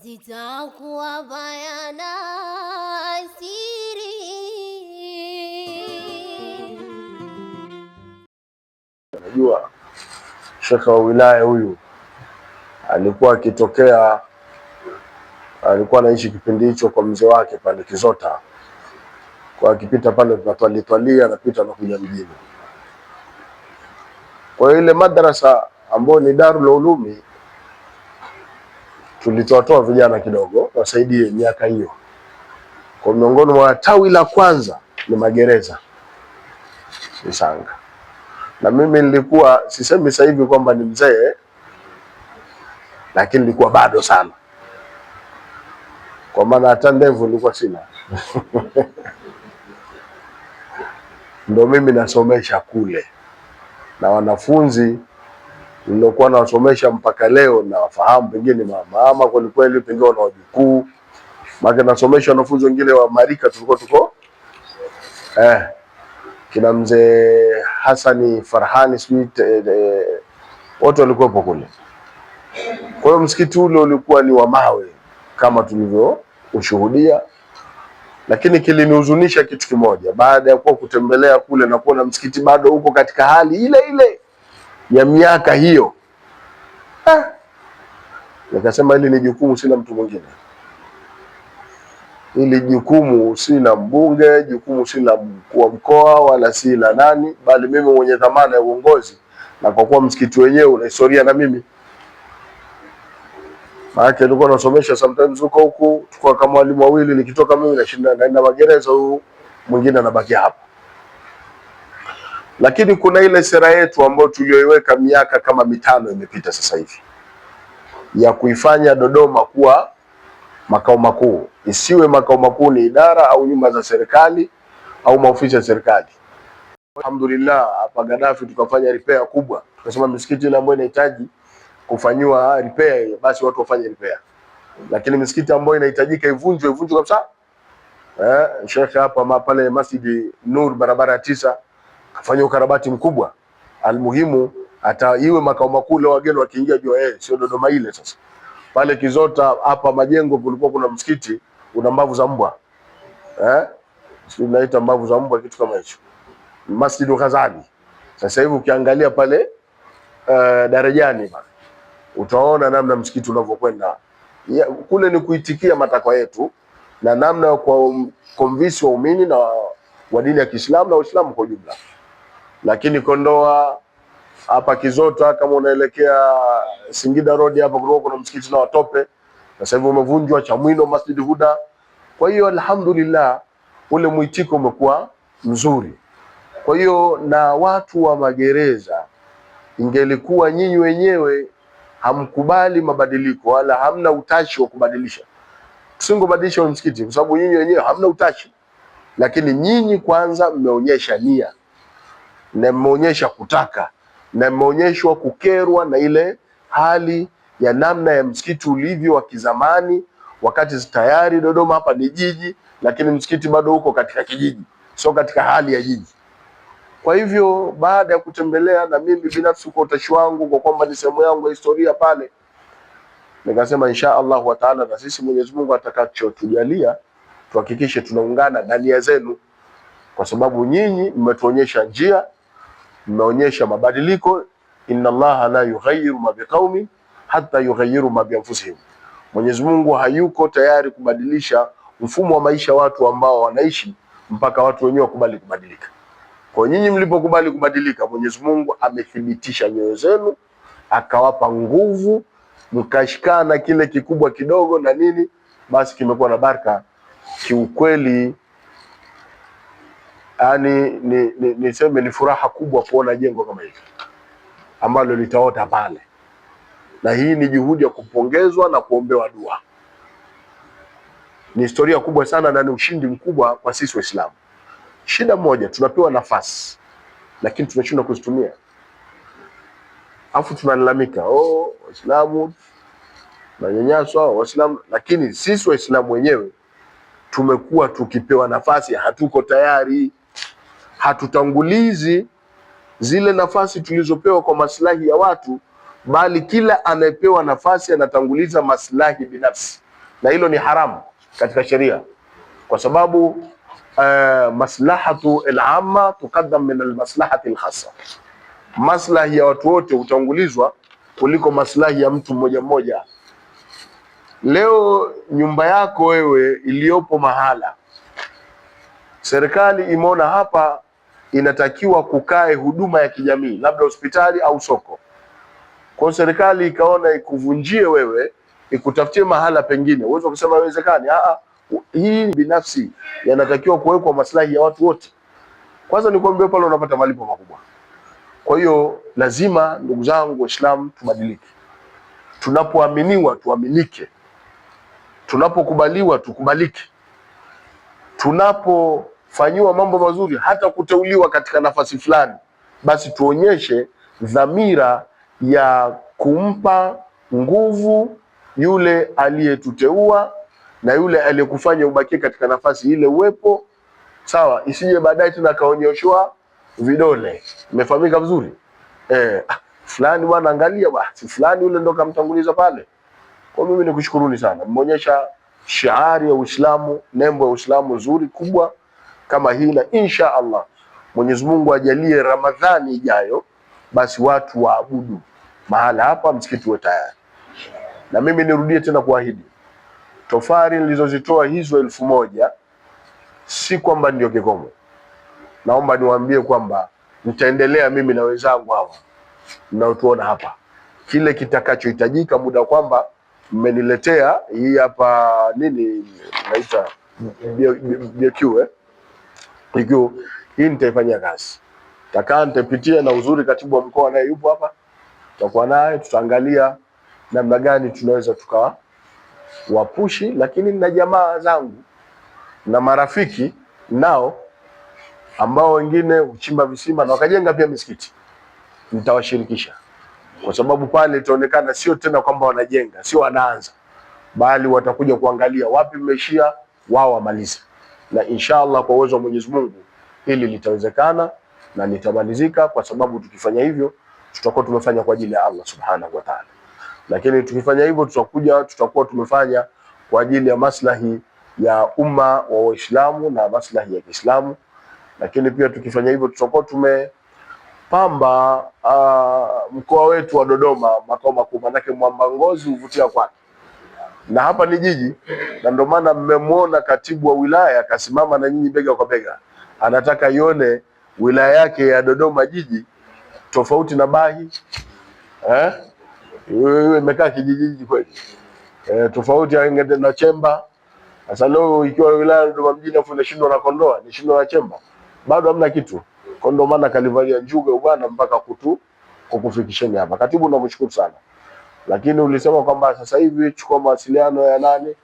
zitakuwa bayana siri. Unajua shekhe wa wilaya huyu alikuwa akitokea, alikuwa anaishi kipindi hicho kwa mzee wake pale Kizota, kwa akipita pale tunatwalitwalia, anapita anakuja mjini. Kwa ile madrasa ambayo ni Darul Ulumi tulitoatoa vijana kidogo wasaidie miaka hiyo. Kwa miongoni mwa tawi la kwanza ni magereza Isanga, na mimi nilikuwa sisemi sasa hivi kwamba ni mzee, lakini nilikuwa bado sana, kwa maana hata ndevu nilikuwa sina ndo mimi nasomesha kule na wanafunzi nilokuwa nawasomesha mpaka leo nawafahamu, pengine mama kwelikweli, pengine wana wajukuu, maana nasomesha wanafunzi wengine wa marika tulikuwa tuko eh, kina mzee Hasani Farhani sijui eh, eh, wote walikuwepo kule. Kwa hiyo msikiti ule ulikuwa ni wa mawe kama tulivyo ushuhudia, lakini kilinihuzunisha kitu kimoja, baada ya kuwa kutembelea kule na kuona msikiti bado uko katika hali ile ile ya miaka hiyo ha. Ah. Nikasema hili ni jukumu, sina mtu mwingine hili jukumu si la mbunge, jukumu si la mkuu wa mkoa, wala si la nani, bali mimi mwenye dhamana ya uongozi. Na kwa kuwa msikiti wenyewe una historia na mimi, maake tulikuwa nasomesha sometimes huko huku, tukua kama walimu wawili, nikitoka mimi nashinda naenda magereza, huyu mwingine anabaki hapa. Lakini kuna ile sera yetu ambayo tuliyoiweka miaka kama mitano imepita sasa hivi ya kuifanya Dodoma kuwa makao makuu. Isiwe makao makuu ni idara au nyumba za serikali au maofisi ya serikali. Alhamdulillah, hapa Gaddafi tukafanya repair kubwa, tukasema misikiti ile ambayo inahitaji kufanyiwa repair, basi watu wafanye repair, lakini misikiti ambayo inahitajika ivunjwe ivunjwe kabisa. Eh, shekhe hapa pale Masjid Nur barabara ya tisa afanye ukarabati mkubwa. Almuhimu hata iwe makao makuu leo, wageni wakiingia jua eh, sio Dodoma ile. Sasa pale Kizota hapa Majengo kulikuwa kuna msikiti una mbavu za mbwa eh, sio naita mbavu za mbwa, kitu kama hicho, Masjidul Ghazali. Sasa hivi ukiangalia pale uh, Darajani pale utaona namna msikiti unavyokwenda kule, ni kuitikia matakwa yetu na namna ya um, kuwakomvisi waumini na wa dini ya Kiislamu na Uislamu kwa ujumla lakini Kondoa hapa Kizota, kama unaelekea Singida Road hapa kuna kuna msikiti na watope, sasa hivi umevunjwa, Chamwino Masjid Huda. Kwa hiyo alhamdulillah, ule mwitiko umekuwa mzuri. Kwa hiyo na watu wa magereza, ingelikuwa nyinyi wenyewe hamkubali mabadiliko wala hamna utashi wa kubadilisha, tusingobadilisha msikiti, kwa sababu nyinyi wenyewe hamna utashi, lakini nyinyi kwanza mmeonyesha nia na mmeonyesha kutaka na mmeonyeshwa kukerwa na ile hali ya namna ya msikiti ulivyo wa kizamani, wakati tayari Dodoma hapa ni jiji, lakini msikiti bado uko katika kijiji, sio katika hali ya jiji. Kwa hivyo baada ya kutembelea, na mimi binafsi kwa utashi wangu kwa kwamba ni sehemu yangu ya historia pale, nikasema insha Allahu taala, na sisi Mwenyezi Mungu atakachotujalia tuhakikishe tunaungana na nia zenu, kwa sababu nyinyi mmetuonyesha njia mmeonyesha mabadiliko. inna Allaha la yughayyiru ma biqaumin hata yughayyiru ma bi anfusihim, Mwenyezi Mungu hayuko tayari kubadilisha mfumo wa maisha watu ambao wanaishi mpaka watu wenyewe wakubali kubadilika. Kwa nyinyi mlipokubali kubadilika, Mwenyezi Mungu amethibitisha nyoyo zenu, akawapa nguvu, mkashikana kile kikubwa kidogo na nini, basi kimekuwa na baraka kiukweli yaani ni, ni, niseme ni furaha kubwa kuona jengo kama hili ambalo litaota pale, na hii ni juhudi ya kupongezwa na kuombewa dua. Ni historia kubwa sana na ni ushindi mkubwa kwa sisi Waislamu. Shida moja, tunapewa nafasi lakini tunashindwa kuzitumia, afu tunalalamika oh, Waislamu tunanyanyaswa, Waislamu. Lakini sisi Waislamu wenyewe tumekuwa tukipewa nafasi hatuko tayari hatutangulizi zile nafasi tulizopewa kwa maslahi ya watu, bali kila anayepewa nafasi anatanguliza maslahi binafsi, na hilo ni haramu katika sheria, kwa sababu uh, maslahatu al-amma tuqaddam min al-maslahati al-khassa, maslahi ya watu wote hutangulizwa kuliko maslahi ya mtu mmoja mmoja. Leo nyumba yako wewe iliyopo mahala serikali imeona hapa inatakiwa kukae huduma ya kijamii, labda hospitali au soko. Kwa hiyo serikali ikaona ikuvunjie wewe, ikutafutie mahala pengine, uwezo kusema haiwezekani. Hii binafsi yanatakiwa kuwekwa maslahi ya watu wote. Kwanza ni kuambia pale unapata malipo makubwa. Kwa hiyo lazima, ndugu zangu Waislamu, tubadilike. Tunapoaminiwa tuaminike, tunapokubaliwa tukubalike, tunapo fanyiwa mambo mazuri, hata kuteuliwa katika nafasi fulani, basi tuonyeshe dhamira ya kumpa nguvu yule aliyetuteua na yule aliyekufanya ubakie katika nafasi ile uwepo sawa, isije baadaye tena akaonyeshwa vidole. Imefahamika vizuri eh, ah, fulani bwana, angalia basi, fulani yule ndo kamtanguliza pale. Kwa mimi nikushukuruni sana, mmeonyesha shiari ya Uislamu, nembo ya Uislamu nzuri kubwa kama hii, na insha Allah Mwenyezi Mungu ajalie Ramadhani ijayo, basi watu waabudu mahala hapa, msikiti uwe tayari. Na mimi nirudie tena kuahidi, tofari nilizozitoa hizo elfu moja si kwamba ndio kikomo. Naomba niwaambie kwamba nitaendelea mimi na wenzangu hawa mnaotuona hapa, kile kitakachohitajika muda kwamba mmeniletea hii hapa nini naita BQ eh Hivyo hii nitaifanyia kazi, takaa nitaipitia, na uzuri katibu wa mkoa naye yupo hapa, tutakuwa naye, tutaangalia namna gani tunaweza tukawa wapushi, lakini na jamaa zangu na marafiki nao ambao wengine huchimba visima na wakajenga pia misikiti, nitawashirikisha kwa sababu pale itaonekana sio tena kwamba wanajenga, sio wanaanza, bali watakuja kuangalia wapi mmeishia, wao wamalize na insha Allah kwa uwezo wa Mwenyezi Mungu hili litawezekana na litamalizika, kwa sababu tukifanya hivyo tutakuwa tumefanya kwa ajili ya Allah subhanahu wa ta'ala, lakini tukifanya hivyo tutakuja tutakuwa tumefanya kwa ajili ya maslahi ya umma wa Waislamu na maslahi ya Kiislamu, lakini pia tukifanya hivyo tutakuwa tumepamba uh, mkoa wetu wa Dodoma makao makuu, manake mwamba ngozi huvutia kwake na hapa ni jiji, na ndio maana mmemwona katibu wa wilaya akasimama na nyinyi bega kwa bega, anataka ione wilaya yake ya Dodoma jiji tofauti na Bahi eh? Wewe imekaa kijijiji kweli eh, tofauti na Chemba. Sasa leo ikiwa wilaya Dodoma mjini afu inashindwa na Kondoa, ni shindwa na Chemba, bado hamna kitu. Kwa ndio maana kalivalia njuga bwana mpaka kutu kukufikisheni hapa. Katibu, namshukuru sana. Lakini ulisema kwamba sasa hivi chukua mawasiliano ya nani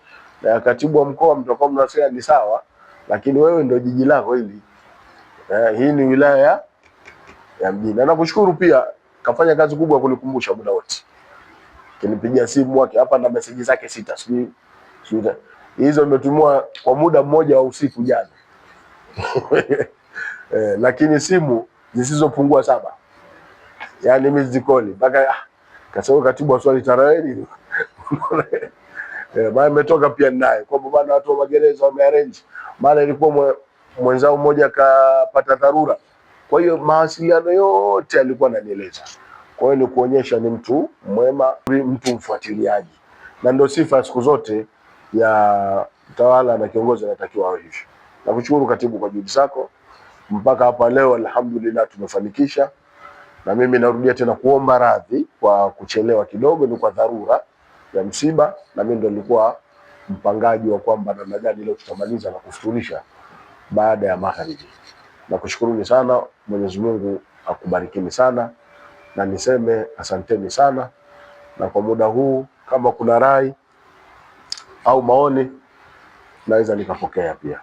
na katibu wa mkoa, mtakuwa mnawasiliana ni sawa, lakini wewe ndio jiji lako hili. Eh, hii ni wilaya ya ya mjini. Na nakushukuru pia, kafanya kazi kubwa kunikumbusha muda wote, kinipigia simu wake hapa na meseji zake sita, sijui sijui hizo nimetumiwa kwa muda mmoja wa usiku jana eh, lakini simu zisizopungua saba, yani mizikoli mpaka ah, kasema katibu aswali tarehe eh, maana imetoka pia naye kwamba bana watu wa magereza wamearrange, maana ilikuwa mwenzao mmoja akapata dharura, kwa hiyo mawasiliano yote alikuwa ananieleza. Kwa hiyo ni kuonyesha ni mtu mwema, mtu mfuatiliaji, na ndio sifa siku zote ya tawala na kiongozi anatakiwa awe hivyo. Nakushukuru katibu kwa juhudi zako mpaka hapa leo, alhamdulillah tumefanikisha na mimi narudia tena kuomba radhi kwa kuchelewa kidogo, ni kwa dharura ya msiba, na mimi ndo nilikuwa mpangaji wa kwamba namna gani leo tutamaliza na kufuturisha baada ya magharibi. Nakushukuruni sana, Mwenyezi Mungu akubarikini sana, na niseme asanteni sana. Na kwa muda huu kama kuna rai au maoni naweza nikapokea pia.